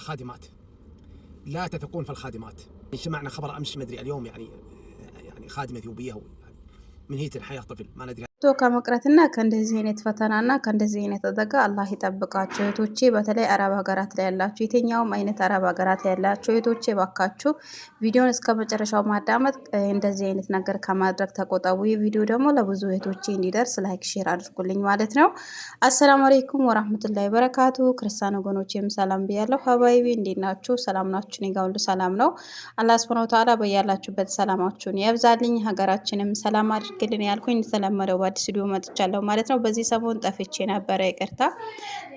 الخادمات لا تثقون في الخادمات يعني سمعنا خبر امس مدري اليوم يعني يعني خادمه ثيوبيه يعني من هيئه الحياه طفل ما ندري ወጥቶ ከመቅረትና ከእንደዚህ አይነት ፈተናና ከእንደዚህ አይነት አደጋ አላህ ይጠብቃቸው። እህቶቼ በተለይ አረብ ሀገራት ላይ ያላችሁ የትኛውም አይነት አረብ ሀገራት ላይ ያላችሁ እህቶቼ ባካችሁ ቪዲዮን እስከ መጨረሻው ማዳመጥ እንደዚህ አይነት ነገር ከማድረግ ተቆጠቡ። ይህ ቪዲዮ ደግሞ ለብዙ እህቶቼ እንዲደርስ ላይክ፣ ሼር አድርጉልኝ ማለት ነው። አሰላሙ አለይኩም ወራህመቱላሂ በረካቱ። ክርስቲያን ወገኖቼም ሰላም ብያለሁ። ሀባይቢ እንዴት ናችሁ? ሰላም ናችሁ? እኔ ጋር ሁሉ ሰላም ነው። አላህ ሱብሃነሁ ወተዓላ በያላችሁበት ሰላማችሁን ያብዛልኝ፣ ሀገራችንም ሰላም አድርግልን ያልኩኝ የተለመደው በአዲስ ስቱዲዮ መጥቻለሁ ማለት ነው። በዚህ ሰሞን ጠፍቼ ነበረ፣ ይቅርታ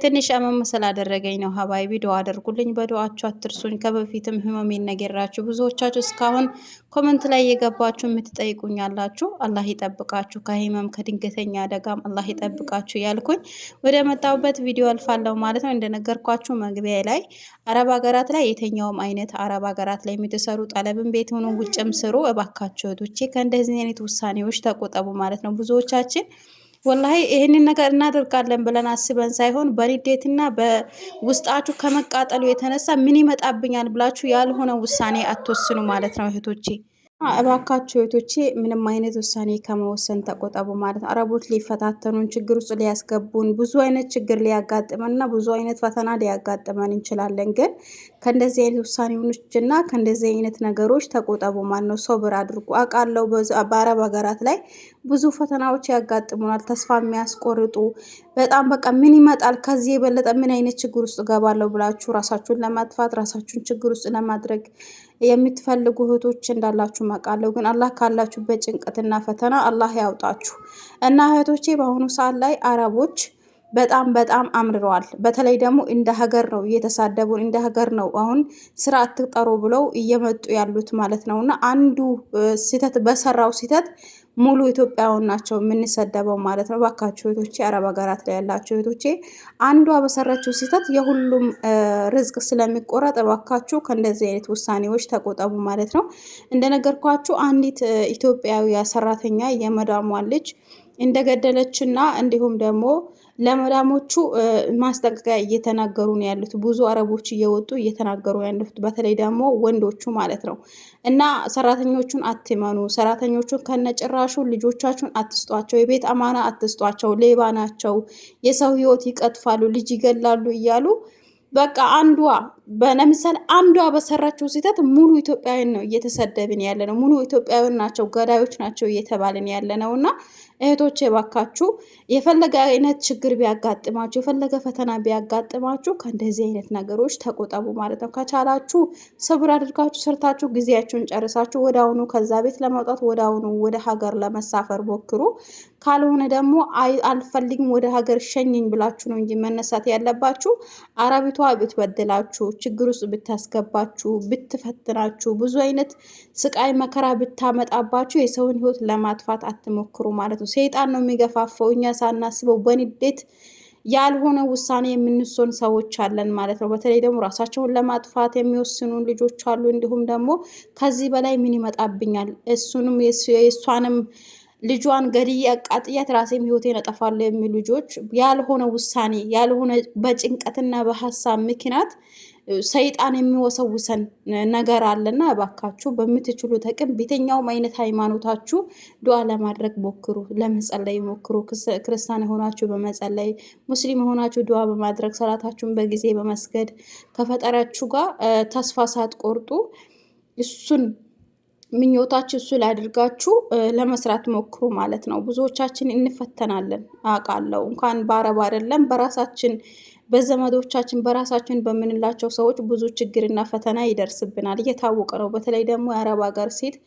ትንሽ አመም ስላደረገኝ ነው። ሀባይቢ ዱዓ አድርጉልኝ፣ በዱዓችሁ አትርሱኝ። ከበፊትም ህመሜን ነገራችሁ። ብዙዎቻችሁ እስካሁን ኮመንት ላይ የገባችሁ የምትጠይቁኝ አላችሁ። አላህ ይጠብቃችሁ፣ ከህመም ከድንገተኛ አደጋም አላህ ይጠብቃችሁ ያልኩኝ ወደ መጣሁበት ቪዲዮ አልፋለሁ ማለት ነው። እንደነገርኳችሁ መግቢያ ላይ አረብ ሀገራት ላይ የተኛውም አይነት አረብ ሀገራት ላይ የምትሰሩ ጠለብን ቤት ሆኑ ውጭም ስሩ እባካችሁ እህቶቼ ከእንደዚህ አይነት ውሳኔዎች ተቆጠቡ ማለት ነው ብዙዎቻ ብዙዎቻችን ወላሂ ይህንን ነገር እናደርጋለን ብለን አስበን ሳይሆን በንዴትና በውስጣችሁ ከመቃጠሉ የተነሳ ምን ይመጣብኛል ብላችሁ ያልሆነ ውሳኔ አትወስኑ ማለት ነው እህቶቼ። እባካችሁ እህቶቼ ምንም አይነት ውሳኔ ከመወሰን ተቆጠቡ ማለት ነው። አረቦች ሊፈታተኑን፣ ችግር ውስጥ ሊያስገቡን፣ ብዙ አይነት ችግር ሊያጋጥመን እና ብዙ አይነት ፈተና ሊያጋጥመን እንችላለን። ግን ከእንደዚህ አይነት ውሳኔዎች እና ከእንደዚህ አይነት ነገሮች ተቆጠቡ። ማን ነው ሶብር አድርጉ። አውቃለሁ በአረብ ሀገራት ላይ ብዙ ፈተናዎች ያጋጥሙናል፣ ተስፋ የሚያስቆርጡ በጣም በቃ ምን ይመጣል ከዚህ የበለጠ ምን አይነት ችግር ውስጥ እገባለሁ ብላችሁ ራሳችሁን ለማጥፋት ራሳችሁን ችግር ውስጥ ለማድረግ የምትፈልጉ እህቶች እንዳላችሁ አውቃለሁ። ግን አላህ ካላችሁበት ጭንቀትና ፈተና አላህ ያውጣችሁ እና እህቶቼ በአሁኑ ሰዓት ላይ አረቦች በጣም በጣም አምርረዋል። በተለይ ደግሞ እንደ ሀገር ነው እየተሳደቡን፣ እንደ ሀገር ነው አሁን ስራ አትቅጠሩ ብለው እየመጡ ያሉት ማለት ነው። እና አንዱ ስህተት በሰራው ስህተት ሙሉ ኢትዮጵያውን ናቸው የምንሰደበው ማለት ነው። ባካችሁ እህቶቼ፣ አረብ ሀገራት ላይ ያላችሁ እህቶቼ አንዷ በሰራችው ስህተት የሁሉም ርዝቅ ስለሚቆረጥ ባካችሁ ከእንደዚህ አይነት ውሳኔዎች ተቆጠቡ ማለት ነው። እንደነገርኳችሁ አንዲት ኢትዮጵያዊ ሰራተኛ የመዳሟን ልጅ እንደገደለች እንደገደለችና እንዲሁም ደግሞ ለመዳሞቹ ማስጠንቀቂያ እየተናገሩ ነው ያሉት። ብዙ አረቦች እየወጡ እየተናገሩ ያሉት በተለይ ደግሞ ወንዶቹ ማለት ነው። እና ሰራተኞቹን አትመኑ፣ ሰራተኞቹን ከነጭራሹ ልጆቻችሁን አትስጧቸው፣ የቤት አማና አትስጧቸው፣ ሌባ ናቸው፣ የሰው ህይወት ይቀጥፋሉ፣ ልጅ ይገላሉ እያሉ በቃ አንዷ ለምሳሌ አንዷ በሰራችው ስህተት ሙሉ ኢትዮጵያዊን ነው እየተሰደብን ያለ ነው። ሙሉ ኢትዮጵያዊን ናቸው ገዳዮች ናቸው እየተባልን ያለ ነው። እና እህቶቼ ባካችሁ የፈለገ አይነት ችግር ቢያጋጥማችሁ፣ የፈለገ ፈተና ቢያጋጥማችሁ ከእንደዚህ አይነት ነገሮች ተቆጠቡ ማለት ነው። ከቻላችሁ ስብር አድርጋችሁ ሰርታችሁ ጊዜያችሁን ጨርሳችሁ ወደ አሁኑ ከዛ ቤት ለመውጣት ወደ አሁኑ ወደ ሀገር ለመሳፈር ሞክሩ። ካልሆነ ደግሞ አልፈልግም ወደ ሀገር ሸኝኝ ብላችሁ ነው እንጂ መነሳት ያለባችሁ አረቢቷ ብትበድላችሁ ችግር ውስጥ ብታስገባችሁ፣ ብትፈትናችሁ፣ ብዙ አይነት ስቃይ መከራ ብታመጣባችሁ የሰውን ህይወት ለማጥፋት አትሞክሩ ማለት ነው። ሰይጣን ነው የሚገፋፈው። እኛ ሳናስበው በንዴት ያልሆነ ውሳኔ የምንሶን ሰዎች አለን ማለት ነው። በተለይ ደግሞ ራሳቸውን ለማጥፋት የሚወስኑ ልጆች አሉ። እንዲሁም ደግሞ ከዚህ በላይ ምን ይመጣብኛል እሱንም የእሷንም ልጇን ገድዬ አቃጥያት ራሴም ህይወቴን አጠፋለሁ የሚሉ ልጆች ያልሆነ ውሳኔ ያልሆነ በጭንቀትና በሀሳብ ምክንያት ሰይጣን የሚወሰውሰን ነገር አለና እባካችሁ በምትችሉ ተቅም ቤተኛውም አይነት ሃይማኖታችሁ ዱዓ ለማድረግ ሞክሩ፣ ለመጸለይ ሞክሩ። ክርስቲያን የሆናችሁ በመጸለይ፣ ሙስሊም የሆናችሁ ዱዓ በማድረግ ሰላታችሁን በጊዜ በመስገድ ከፈጠራችሁ ጋር ተስፋ ሳትቆርጡ እሱን ምኞታችሁ እሱ አድርጋችሁ ለመስራት ሞክሩ ማለት ነው። ብዙዎቻችን እንፈተናለን አውቃለሁ። እንኳን በአረብ አይደለም በራሳችን በዘመዶቻችን በራሳችን በምንላቸው ሰዎች ብዙ ችግርና ፈተና ይደርስብናል። እየታወቀ ነው። በተለይ ደግሞ የአረብ ሀገር ሴት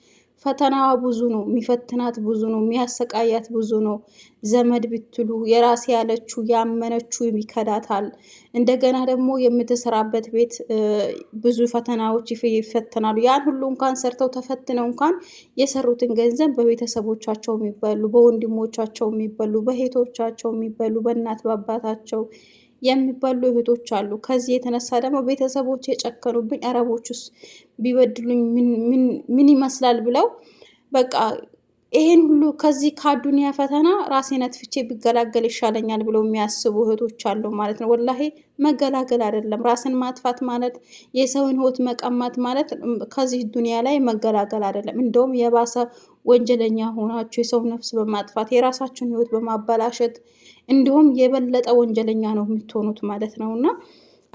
ፈተናዋ ብዙ ነው። የሚፈትናት ብዙ ነው። የሚያሰቃያት ብዙ ነው። ዘመድ ብትሉ የራሴ ያለችው ያመነችው ይከዳታል። እንደገና ደግሞ የምትሰራበት ቤት ብዙ ፈተናዎች ይፈተናሉ። ያን ሁሉ እንኳን ሰርተው ተፈትነው እንኳን የሰሩትን ገንዘብ በቤተሰቦቻቸው የሚበሉ፣ በወንድሞቻቸው የሚበሉ፣ በሄቶቻቸው የሚበሉ፣ በእናት በአባታቸው የሚባሉ እህቶች አሉ። ከዚህ የተነሳ ደግሞ ቤተሰቦች የጨከኑብኝ ውስጥ ቢበድሉኝ ምን ይመስላል ብለው በቃ ይሄን ሁሉ ከዚህ ከአዱንያ ፈተና ራሴን አጥፍቼ ቢገላገል ይሻለኛል ብለው የሚያስቡ እህቶች አሉ ማለት ነው። ወላሄ መገላገል አይደለም ራስን ማጥፋት ማለት የሰውን ህይወት መቀማት ማለት ከዚህ ዱኒያ ላይ መገላገል አይደለም። እንደውም የባሰ ወንጀለኛ ሆናችሁ የሰው ነፍስ በማጥፋት የራሳችሁን ህይወት በማበላሸት እንዲሁም የበለጠ ወንጀለኛ ነው የምትሆኑት ማለት ነው እና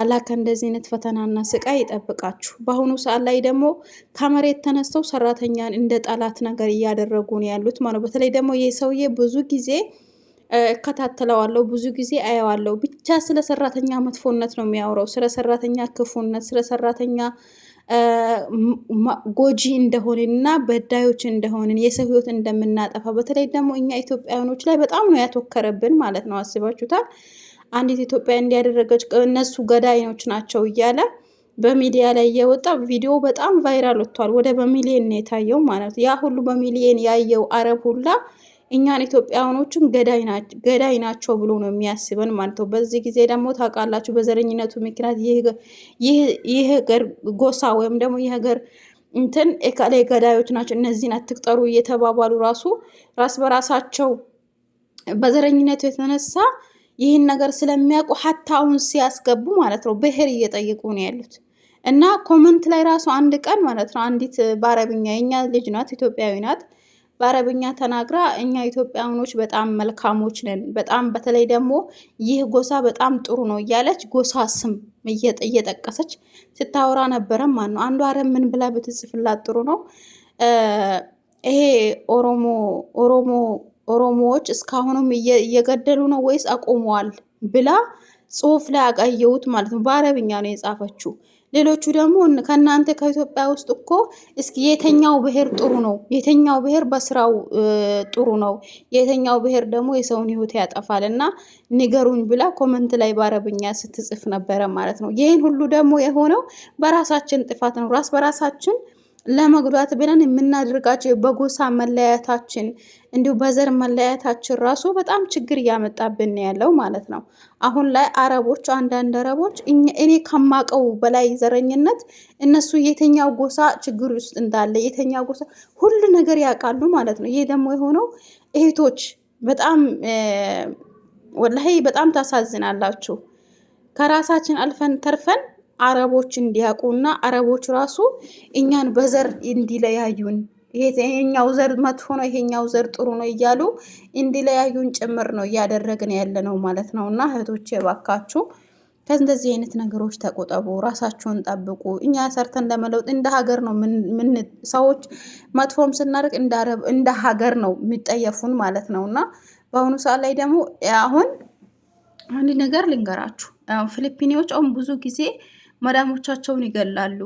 አላህ ከእንደዚህ አይነት ፈተናና ስቃይ ይጠብቃችሁ። በአሁኑ ሰዓት ላይ ደግሞ ከመሬት ተነስተው ሰራተኛን እንደ ጠላት ነገር እያደረጉ ነው ያሉት ማለት። በተለይ ደግሞ ይህ ሰውዬ ብዙ ጊዜ እከታተለዋለሁ፣ ብዙ ጊዜ አየዋለሁ። ብቻ ስለ ሰራተኛ መጥፎነት ነው የሚያወራው፣ ስለ ሰራተኛ ክፉነት፣ ስለ ሰራተኛ ጎጂ እንደሆንን እና በዳዮች እንደሆንን የሰው ህይወት እንደምናጠፋ በተለይ ደግሞ እኛ ኢትዮጵያውያኖች ላይ በጣም ነው ያተወከረብን ማለት ነው። አስባችሁታል? አንዲት ኢትዮጵያ እንዲያደረገች እነሱ ገዳዮች ናቸው እያለ በሚዲያ ላይ እየወጣ ቪዲዮ በጣም ቫይራል ወጥቷል። ወደ በሚሊየን ነው የታየው ማለት ያ ሁሉ በሚሊየን ያየው አረብ ሁላ እኛን ኢትዮጵያውኖችን ገዳይ ናቸው ብሎ ነው የሚያስበን ማለት ነው። በዚህ ጊዜ ደግሞ ታውቃላችሁ በዘረኝነቱ ምክንያት ይህ ገር ጎሳ ወይም ደግሞ ይህ ገር እንትን ኤካላይ ገዳዮች ናቸው እነዚህን አትቅጠሩ እየተባባሉ ራሱ ራስ በራሳቸው በዘረኝነቱ የተነሳ ይህን ነገር ስለሚያውቁ ሀታ አሁን ሲያስገቡ ማለት ነው ብሔር እየጠየቁ ነው ያሉት። እና ኮመንት ላይ ራሱ አንድ ቀን ማለት ነው አንዲት በአረብኛ የኛ ልጅ ናት፣ ኢትዮጵያዊ ናት። በአረብኛ ተናግራ እኛ ኢትዮጵያውኖች በጣም መልካሞች ነን፣ በጣም በተለይ ደግሞ ይህ ጎሳ በጣም ጥሩ ነው እያለች ጎሳ ስም እየጠቀሰች ስታወራ ነበረ። ማን ነው አንዷ አረብ ምን ብላ ብትጽፍላት ጥሩ ነው ይሄ ኦሮሞ ኦሮሞ ኦሮሞዎች እስካሁንም እየገደሉ ነው ወይስ አቆመዋል ብላ ጽሁፍ ላይ አቀየውት ማለት ነው። በአረብኛ ነው የጻፈችው። ሌሎቹ ደግሞ ከእናንተ ከኢትዮጵያ ውስጥ እኮ እስኪ የተኛው ብሔር ጥሩ ነው፣ የተኛው ብሔር በስራው ጥሩ ነው፣ የተኛው ብሔር ደግሞ የሰውን ህይወት ያጠፋል እና ንገሩኝ ብላ ኮመንት ላይ በአረብኛ ስትጽፍ ነበረ ማለት ነው። ይህን ሁሉ ደግሞ የሆነው በራሳችን ጥፋት ነው። ራስ በራሳችን ለመጉዳት ብለን የምናደርጋቸው በጎሳ መለያየታችን እንዲሁ በዘር መለያየታችን ራሱ በጣም ችግር እያመጣብን ያለው ማለት ነው። አሁን ላይ አረቦች፣ አንዳንድ አረቦች እኔ ከማቀው በላይ ዘረኝነት እነሱ የተኛው ጎሳ ችግር ውስጥ እንዳለ የተኛው ጎሳ ሁሉ ነገር ያውቃሉ ማለት ነው። ይሄ ደግሞ የሆነው እህቶች በጣም ወላሂ በጣም ታሳዝናላችሁ። ከራሳችን አልፈን ተርፈን አረቦች እንዲያውቁና አረቦች ራሱ እኛን በዘር እንዲለያዩን ይሄኛው ዘር መጥፎ ነው፣ ይሄኛው ዘር ጥሩ ነው እያሉ እንዲለያዩን ጭምር ነው እያደረግን ያለ ነው ማለት ነው። እና እህቶቼ እባካችሁ ከእንደዚህ አይነት ነገሮች ተቆጠቡ፣ ራሳችሁን ጠብቁ። እኛ ሰርተን ለመለውጥ እንደ ሀገር ነው ምን ሰዎች መጥፎም ስናደርግ እንደ ሀገር ነው የሚጠየፉን ማለት ነው እና በአሁኑ ሰዓት ላይ ደግሞ አሁን አንድ ነገር ልንገራችሁ፣ ፊሊፒኒዎች አሁን ብዙ ጊዜ መዳሞቻቸውን ይገላሉ፣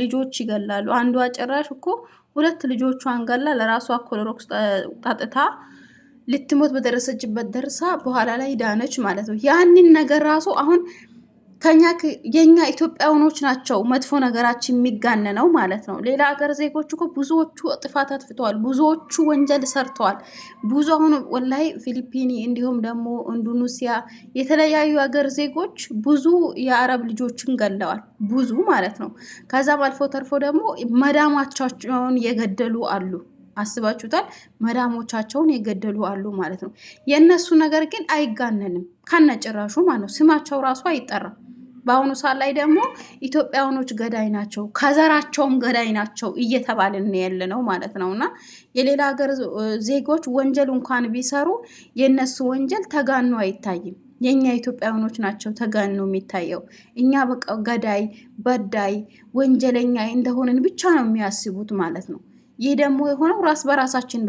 ልጆች ይገላሉ። አንዷ ጭራሽ እኮ ሁለት ልጆቿን ገላ ለራሷ ኮሎሮክስ ጠጥታ ልትሞት በደረሰችበት ደርሳ በኋላ ላይ ዳነች ማለት ነው። ያንን ነገር ራሱ አሁን ከኛ የኛ ኢትዮጵያውኖች ናቸው መጥፎ ነገራችን የሚጋነነው ማለት ነው። ሌላ ሀገር ዜጎች እኮ ብዙዎቹ ጥፋት አጥፍተዋል፣ ብዙዎቹ ወንጀል ሰርተዋል። ብዙ አሁን ወላይ ፊሊፒኒ እንዲሁም ደግሞ ኢንዶኔሲያ የተለያዩ ሀገር ዜጎች ብዙ የአረብ ልጆችን ገለዋል፣ ብዙ ማለት ነው። ከዛም አልፎ ተርፎ ደግሞ መዳማቻቸውን የገደሉ አሉ። አስባችሁታል? መዳሞቻቸውን የገደሉ አሉ ማለት ነው። የእነሱ ነገር ግን አይጋነንም ከነጭራሹ ማለት ነው። ስማቸው ራሱ አይጠራም። በአሁኑ ሰዓት ላይ ደግሞ ኢትዮጵያውኖች ገዳይ ናቸው፣ ከዘራቸውም ገዳይ ናቸው እየተባልን ያለ ነው ማለት ነው። እና የሌላ ሀገር ዜጎች ወንጀል እንኳን ቢሰሩ የእነሱ ወንጀል ተጋኖ አይታይም። የእኛ ኢትዮጵያውያኖች ናቸው ተጋኖ የሚታየው። እኛ በቃ ገዳይ፣ በዳይ፣ ወንጀለኛ እንደሆንን ብቻ ነው የሚያስቡት ማለት ነው። ይህ ደግሞ የሆነው ራስ በራሳችን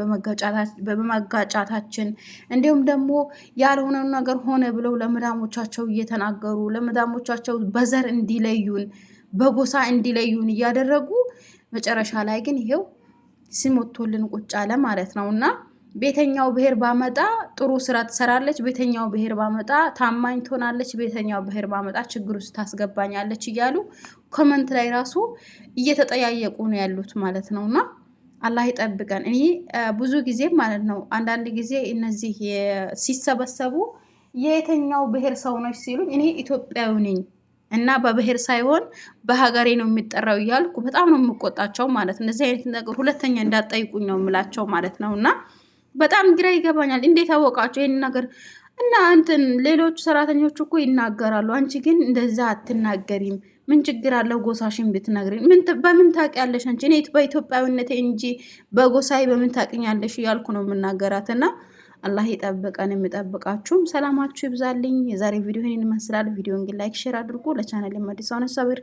በመጋጫታችን እንዲሁም ደግሞ ያልሆነው ነገር ሆነ ብለው ለመዳሞቻቸው እየተናገሩ ለመዳሞቻቸው በዘር እንዲለዩን በጎሳ እንዲለዩን እያደረጉ መጨረሻ ላይ ግን ይሄው ሲሞቶልን ቁጭ አለ ማለት ነው እና ቤተኛው ብሔር ባመጣ ጥሩ ስራ ትሰራለች፣ ቤተኛው ብሔር ባመጣ ታማኝ ትሆናለች፣ ቤተኛው ብሔር ባመጣ ችግር ውስጥ ታስገባኛለች እያሉ ኮመንት ላይ ራሱ እየተጠያየቁ ነው ያሉት ማለት ነው እና አላህ ይጠብቀን። እኔ ብዙ ጊዜ ማለት ነው አንዳንድ ጊዜ እነዚህ ሲሰበሰቡ የየትኛው ብሔር ሰው ነች ሲሉኝ እኔ ኢትዮጵያዊ ነኝ እና በብሔር ሳይሆን በሀገሬ ነው የሚጠራው እያልኩ በጣም ነው የምቆጣቸው ማለት ነው። እነዚህ አይነት ነገር ሁለተኛ እንዳጠይቁኝ ነው የምላቸው ማለት ነው። እና በጣም ግራ ይገባኛል። እንዴት አወቃቸው ይህን ነገር? እና አንተን ሌሎቹ ሰራተኞች እኮ ይናገራሉ። አንቺ ግን እንደዛ አትናገሪም። ምን ችግር አለው ጎሳሽን ብትነግሪኝ? በምን ታውቂያለሽ አንቺ? እኔ በኢትዮጵያዊነቴ እንጂ በጎሳይ በምን ታውቂኛለሽ እያልኩ ነው የምናገራት እና አላህ ይጠብቀን፣ የምጠብቃችሁም ሰላማችሁ ይብዛልኝ። የዛሬ ቪዲዮ ይህን ይመስላል። ቪዲዮን ግን ላይክ፣ ሼር አድርጎ ለቻናል የመዲሰውን ሰብር